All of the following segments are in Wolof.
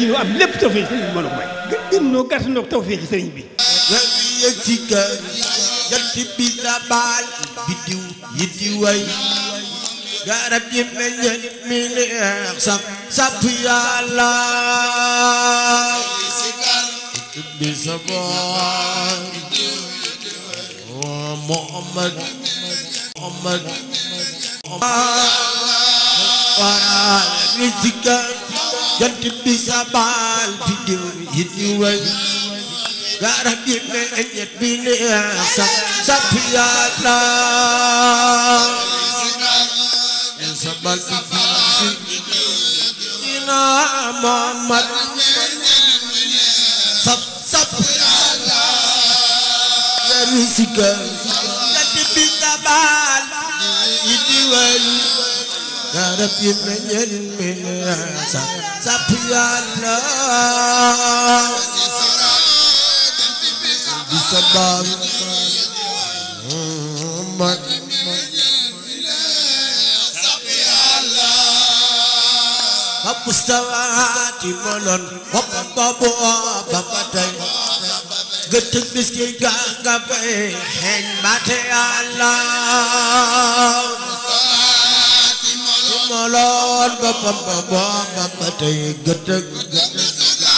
li ñu am lépp tawfeex sëriñ bi moo la ko may. gën noo gàtt noo tawfeex sëriñ bi. bi la baal biddiw yi di way garab yi meññet mi neex sap sap yàlla bi sa boor waa Muhammad Muhammad Muhammad jant bi sabal fi diw yi di way garab yi meññet bi neex sax sax fi yàlla sabal fi diw dina Muhammad sab sab yàlla yari sikka jant bi sabal yi di way rabbi meññal mi la sa sap yàlla di sabab man mustawaati mm, molon hoppa boobu hoppa ba tey gëtëg biski gaa nga fay xeeñ baate Allah amaloon boppam ba boppam ba tey gët gët ma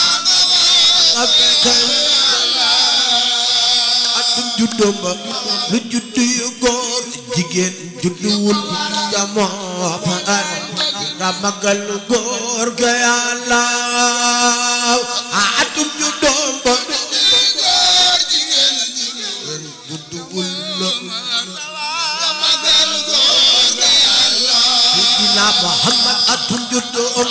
fekkee atum juddoo ba lu juddu yu góor jigéen judduwul jamoo ba ay nga magal góor ga yàlla Muhammad atam juddu om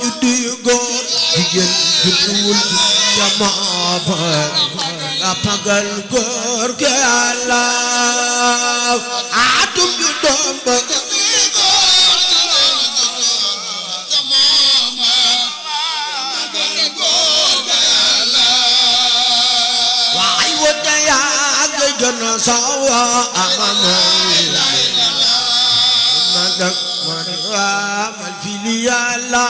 juddu góor jigéen judduwul jamaa ba nga pagal góor ke Allah atum juddu om ba Jangan sawa amamu Madak waa mal fili yàlla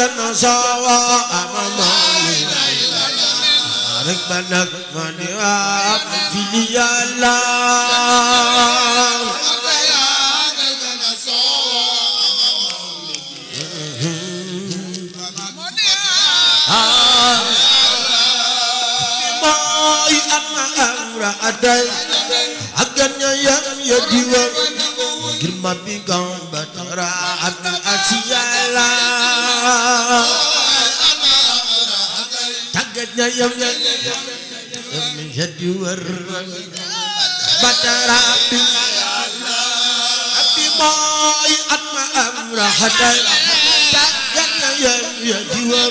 جن سوا أمامي ركبنا من في الله ay ama amra aday aganya yam yadiwa girma bi gamba tara abna asiyala taganya yam yam yadiwa batara abna abdi moy atma amra aday taganya yam yadiwa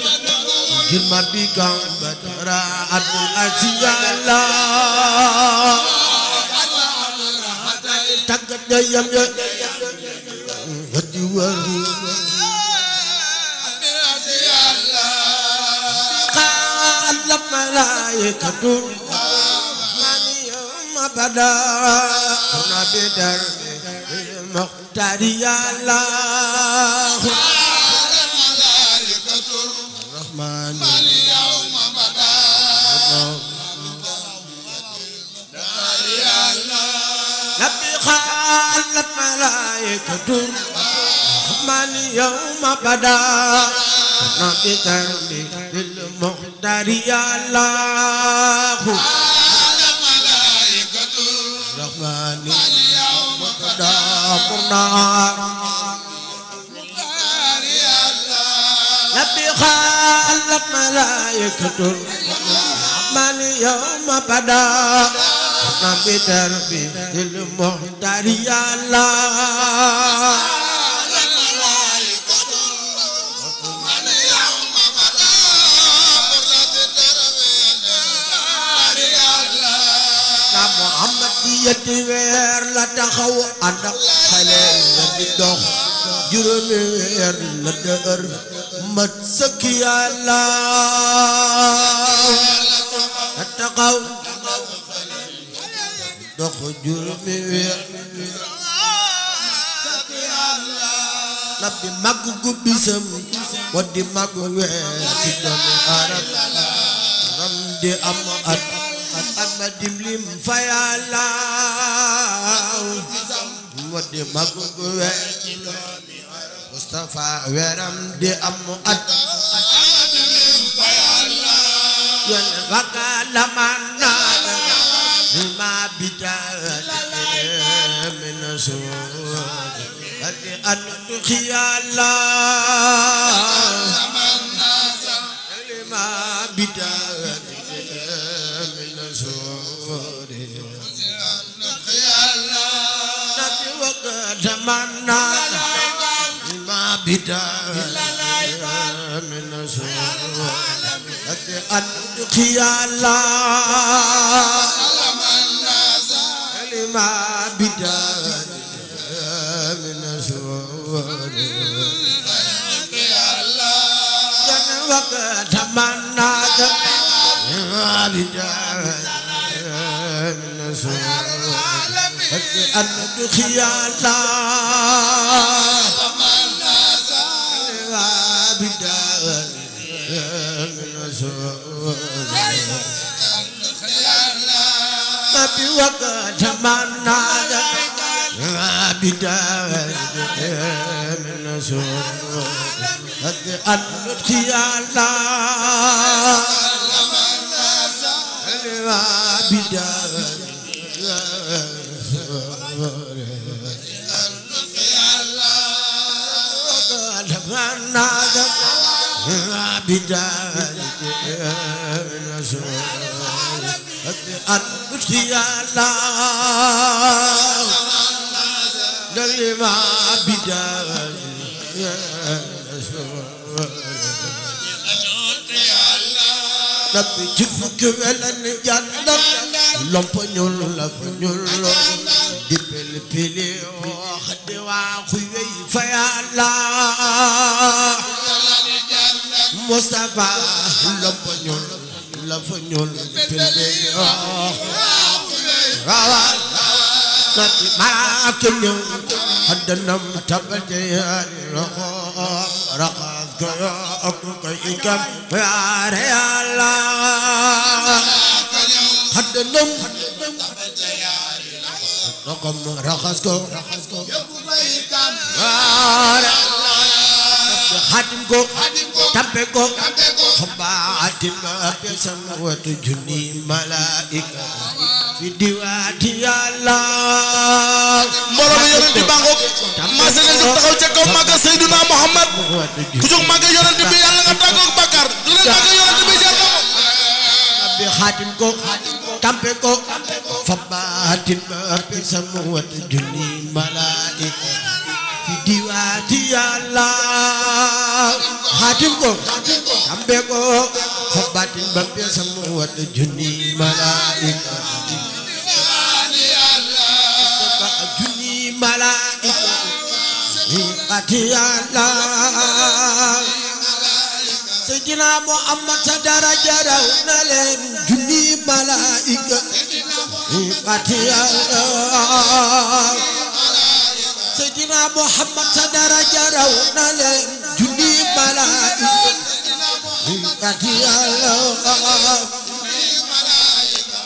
girma bi gamba قراءة الأشياء قال الملائكة من يوم بدا هنا بدر المختار يا الله الرحمن كانت ملائكة من يوم بدا نبتني بالمقدر يا الله الرحمن اليوم بدا قرنا خالت ملائكة من يوم بدا ما بدربي للمختار يا الله ñetti weer la taxaw ànd ak xale la di dox juróomi weer la dër mat sëkk yàlla la taxaw dox jurmi weer lab di mag guddisam wa di mag weer ci doomu arab ram di am at at ma dimlim fa yàlla wa di mag weer Mustafa weeram di am at yan raka lamaan ما بدال من سوء أن تخي الله لما بدال من سوء تمنى ما بدال من سوء أن تخي الله ما بدار من سوار جن وقت تمنا ما بدار من سوار أن دخيالا بجاهد من رسول Mustafa lompo ñul la fa ñuul معك اليوم قد نمت بالديار رقبت يا أبوك يا ريال قد نمت رقم رخصكو خادمكو خادمكو tabbe ko xabaatima bi samwatu junni malaika fi diwaati yàlla mbooloo mi yonent bi bàngo maase leen ñu taxaw ca kaw màgga Seydina Muhammad ku jóg màgga yonent bi yàlla nga tàggoog bàkkaar lu leen màgga bi jar na bi xaatim ko tampe ko fa junni malaika yàlla xaatim ko kambe ko fa baatin ba peesa mu wat junni malaayika junni malaayika mi xaati yàlla seydina muhammad sa daraja raw na leen junni malaayika mi xaati yàlla Seydina Muhammad sa daraja raw na leen junni malaayika kati yàlla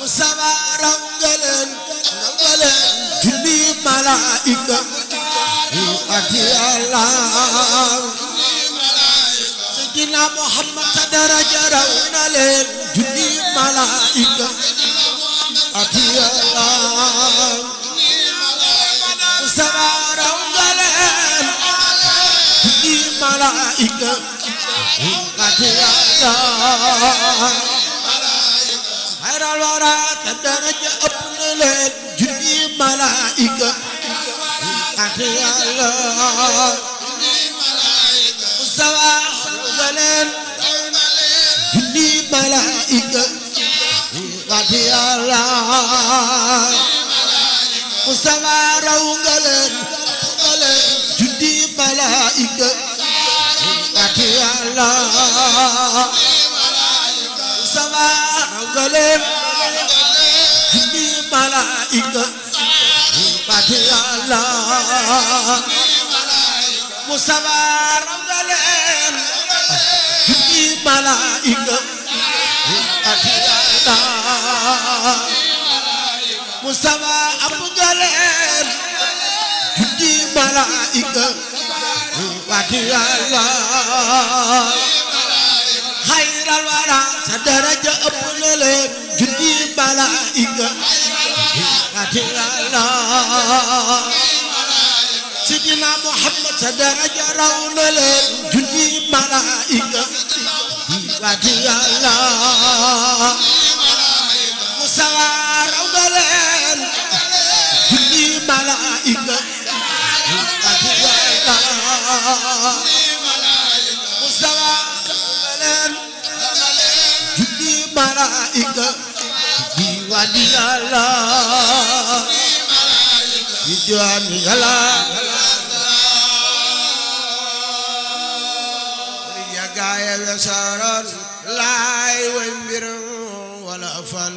mu sama raw nga leen nga leen junni malaayika kati yàlla Seydina Muhammad sa daraja raw na leen junni malaayika kati yàlla saraaraw nga leen di malaayika nga di yàlla xayral wara te daraja ëpp na leen junni malaayika nga di yàlla saraaraw nga leen junni malaayika nga di yàlla Mustafa juddi malaayika ati Yàlla Mustafa raw Mustafa abu jaleel junni malaa'ika waati Allah xayral wara sa daraja ëpp na leen junni malaa'ika waati Allah sidina Muhammad sa daraja raw na leen junni malaa'ika waati Allah musawa raw na leen laay way mbir wala fan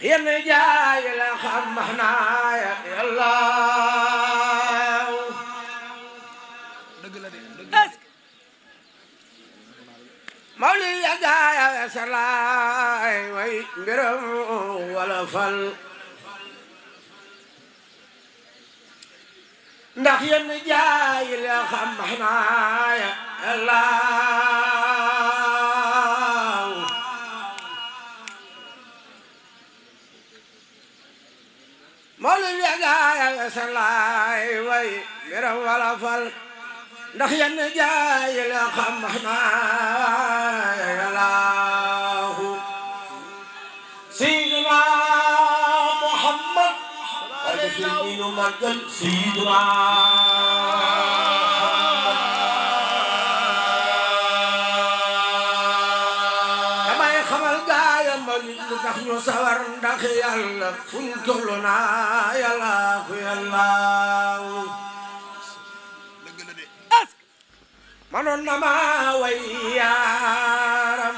yéen jaay la xam max naa yàlla mawli ya jaay ya salaay way mbiram wala fal ndax yéen jaay la xam max naa yàlla mawlid ya gaaya salaay way mbiram wala fal ndax yenn jaay la xam naa yalaahu sayyiduna Muhammad wala fi ñu màggal sayyiduna ndax ñu sawar ndax yàlla fu ñu tollu naa yàlla ku yàlla manoon na maa way yaaram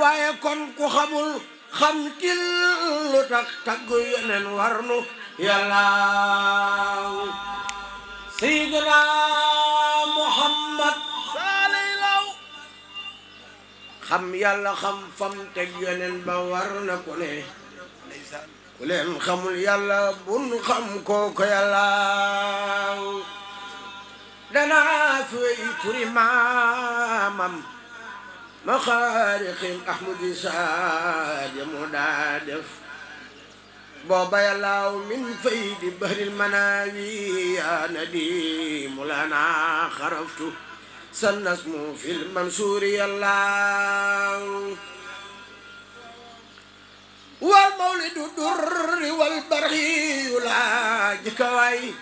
waaye kon ku xamul xam ci lu tax tagg yeneen warnu yàlla sayyidina xam yàlla xam fam teg ba war na ku ne ku leen xamul yàlla bun xam kooko yàlla danaa fi wey turi maamam ma xaarixim ahmadi saade mu daa def booba yàllaaw min fay di bahril manaawi yaa nadimu lanaa xaraftu سن اسمه في المنصور الله والمولد الدر والبرهي يلاج كواي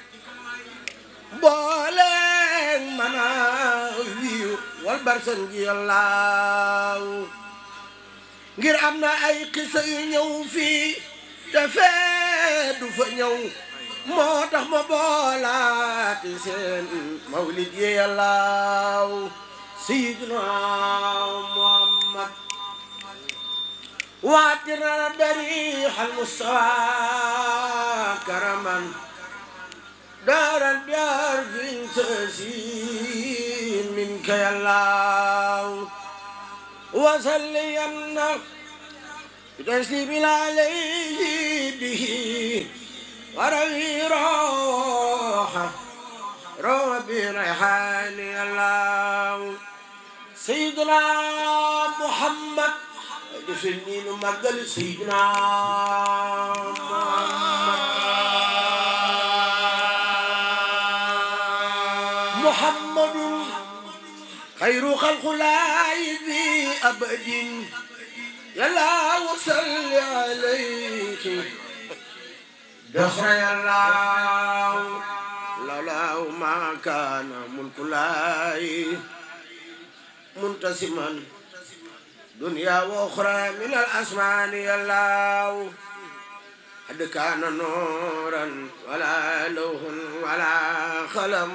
بولين مناوي والبرسن الله غير امنا اي قصه ينيو في تفاد فنيو moo tax ma boolaati seen mawlid yi yàllaaw sayyiduna muhammad waatina dariix al mustawa karaman daaran biar fin sasin minka yàllaaw wasalliyanna bi taslimin alayhi bihi وربي روحه ربي ريحاني الله سيدنا محمد جسمي مجل سيدنا محمد محمد خير خلق الله ذي أبد يلا وصل عليك يخشى الله لولا ما كان ملك الله منتسما دنيا واخرى من الاسمان الله قد كان نورا ولا لوح ولا قلم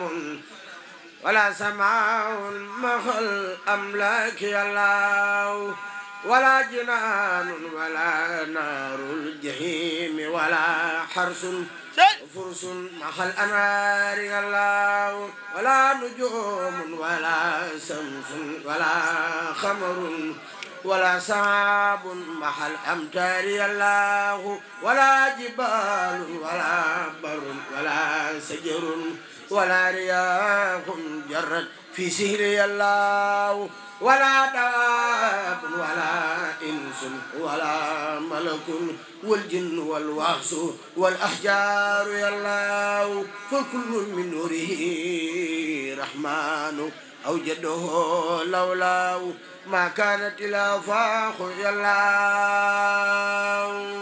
ولا سماع محل املاك الله ولا جنان ولا نار الجحيم ولا حرس فرس محل أنار الله ولا نجوم ولا شمس ولا خمر ولا سحاب محل أمتار الله ولا جبال ولا بر ولا سجر ولا رياح جرت في سهري الله ولا داب ولا إنس ولا ملك والجن والوحس والأحجار يا الله فكل من نوره رحمن أوجده لولاه ما كانت الأفاق يا الله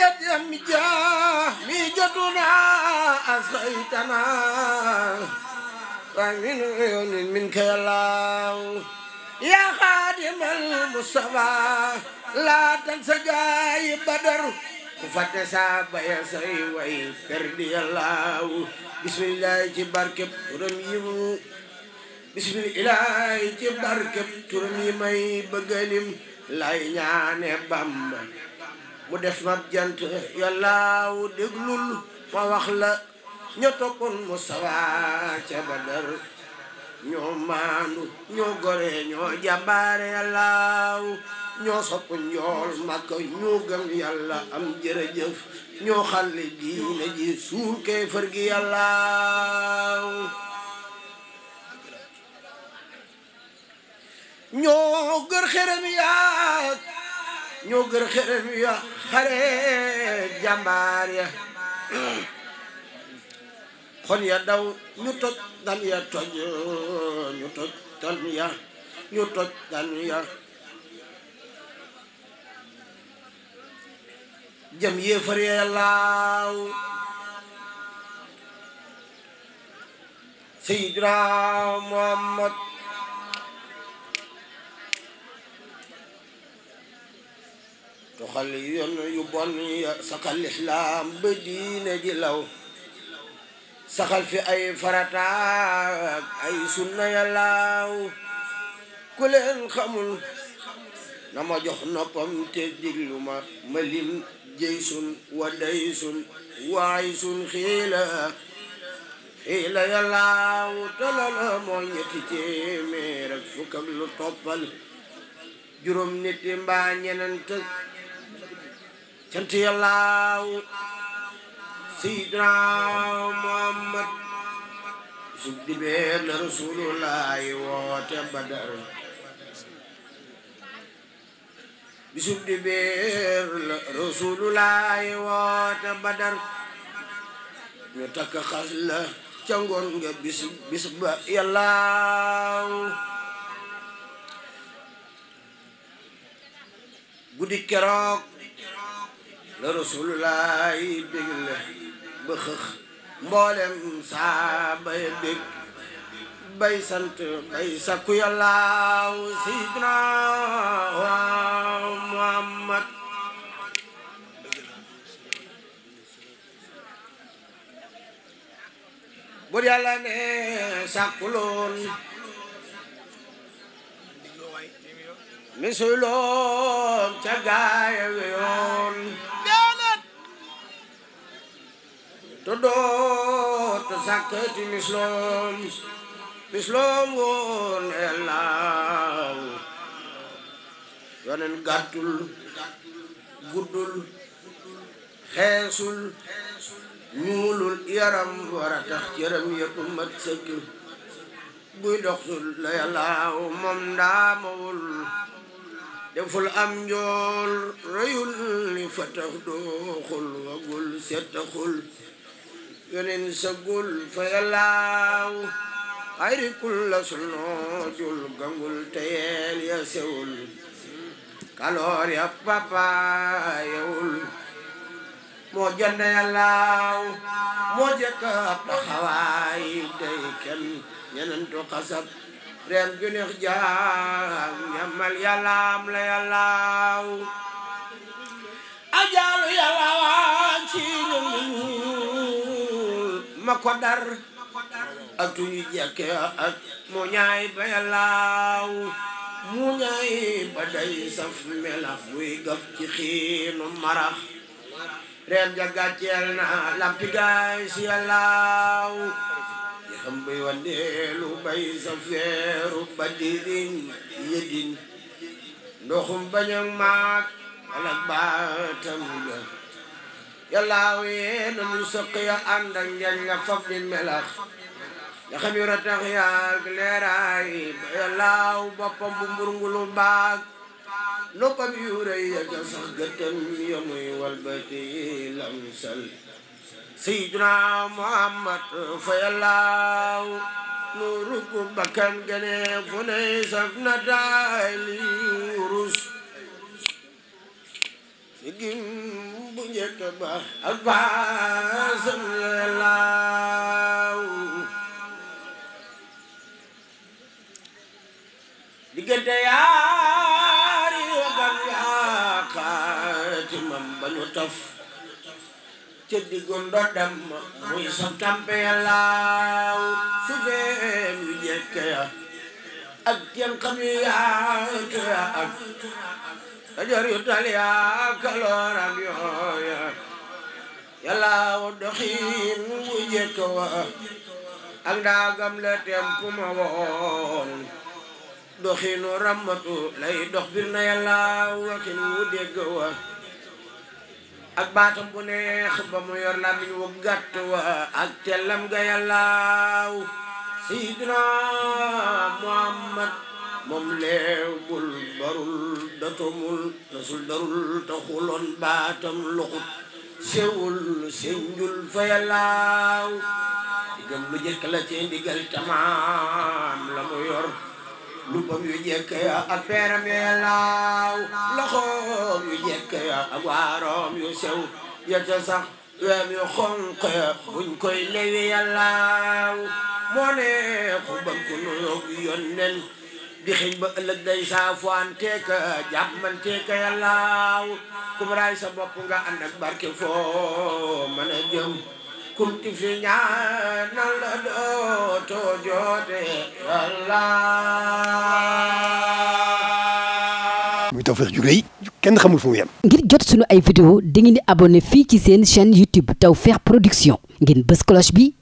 يا ميجتنا أسقيتنا ومن عيون منك يا الله يا خادم المصطفى لا تنسى جاي بدر كفت ساب يا سي وي كردي الله بسم الله تبارك رميم بسم الله تبارك ترمي مي بغلم لا ينعن بامبا mu des ma jant yàllaaw déglul ma wax la ñoo toppoon mu sawaa ca badar ñoo maandu ñoo gore ñoo jàmbaare yàllaaw ñoo sopp njool màkka ñoo gëm yàlla am jërëjëf ñoo xàlle diina ji suul kee fër gi yàllaaw ñoo gër xërëm ñoo gër xërëm ya xare jàmbaar ya xon ya daw ñu toj dal ya toj ñu toj dal ya ñu toj dal ya jëm yéefar ya laaw sayyidina Muhammad tuxal yoon yu bon ya saxal islaam ba diine ji law saxal fi ay farataak ay sunna ya laaw ku leen xamul na ma jox noppam te diglu ma malim jëy sun wa day sun waay sun xiila xiila ya laaw tolala moo ñetti téeméer ak fukk ak lu toppal juróom nit mbaa ñenent cant yàllaaw sayyidina muhammad su dibee la rasulullahi woote badar bisub dibee la rasulullahi woote badar ñu takk xas la ca ngoon nga bis bis ba yàllaaw guddi keroog la rasulullah bég la ba xëx mboolem saaba ya bég bay sant bay sakku yàllaaw sidna muhammad bur yàlla ne sàkkuloon misuloon ca gaaya weyoon to dootu sakkati misloom misloom woon elaaw yonen gàttul guddul xeesul ñuulul yaram war a tax cëram yëpp mat sëkk buy doxsul la moom ndaamawul deful am njool rëyul li fatax dooxul wagul settaxul yonen sagul fa yallaaw xayri kul la sunoojul gangul teyeel ya sewul kaloor ya papa yewul moo jonne yallaaw moo jëkka ab taxawaay kenn ñenentu xasab reen junix jaam ñamal yàllaam la yallaaw ajaalu yallaaw ci ñun ma ko dar ak tuñu ak mu ñaay ba yalaaw mu ñaay ba day saf melax buy gaf ci xiinu marax reen ja gàcceel na lampi gaay si yalaaw xam bay wandeelu bay saf weeru ba dirin yëddin ndoxum bañag maak alak baatam ga yàllaaw yee nanu sëq ya ànd ak njañ nga faf di melax nga xam yu ratax yaag leeraay yàllaaw boppam bu mburngulu baag noppam yu rëy yaka sax gëttam yamuy walbati lam sal sayyiduna muhammad fa yàllaaw nu rukk bakkan gane fu ne saf na daay li wurus sigim bu njëkk ba Abbaas laaw diggante yaari wagan yaa xaatimam ba ñu taf ca diggu ndoddam muy saf tampe laaw su feem yu njëkk ya ak jën xam yu yaatu ya ak kajoor yu taliyaa kalooram yooya yàlla wu doxiin wu jëkk wa ak daagam la temp ma woon doxiinu ramatu lay dox bir na yàlla waxin wu dégg wa ak baatam bu neex ba mu yor làmmiñ wu gàtt wa ak tellam ga yàlla sayyidina Muhammad moom leebul barul datomul nasul darul taxuloon baatam loxut sewul senjul fayalaaw digam lu jëkk la ci ndigal tamaam la mu yor luppam yu jekk ya ak yu yalaaw loxoom yu jekk ya ak yu sew ya ca weem yu xonq ya koy lewi yalaaw moo ne xubam ku nuyoog yonnen di xëj ba ëllëg day saafuwanteeka jàppanteeka yàllaaw kum raay sa bopp nga ànd ak barke foo mën a jëm kum tifli ñaanal la dootoo joote muy Tawfekh ju rëy kenn xamul fu mu ngir jot sunu ay vidéo dangeen di abonné fii ci seen chaîne YouTube Tawfekh Production ngeen bës cloche bi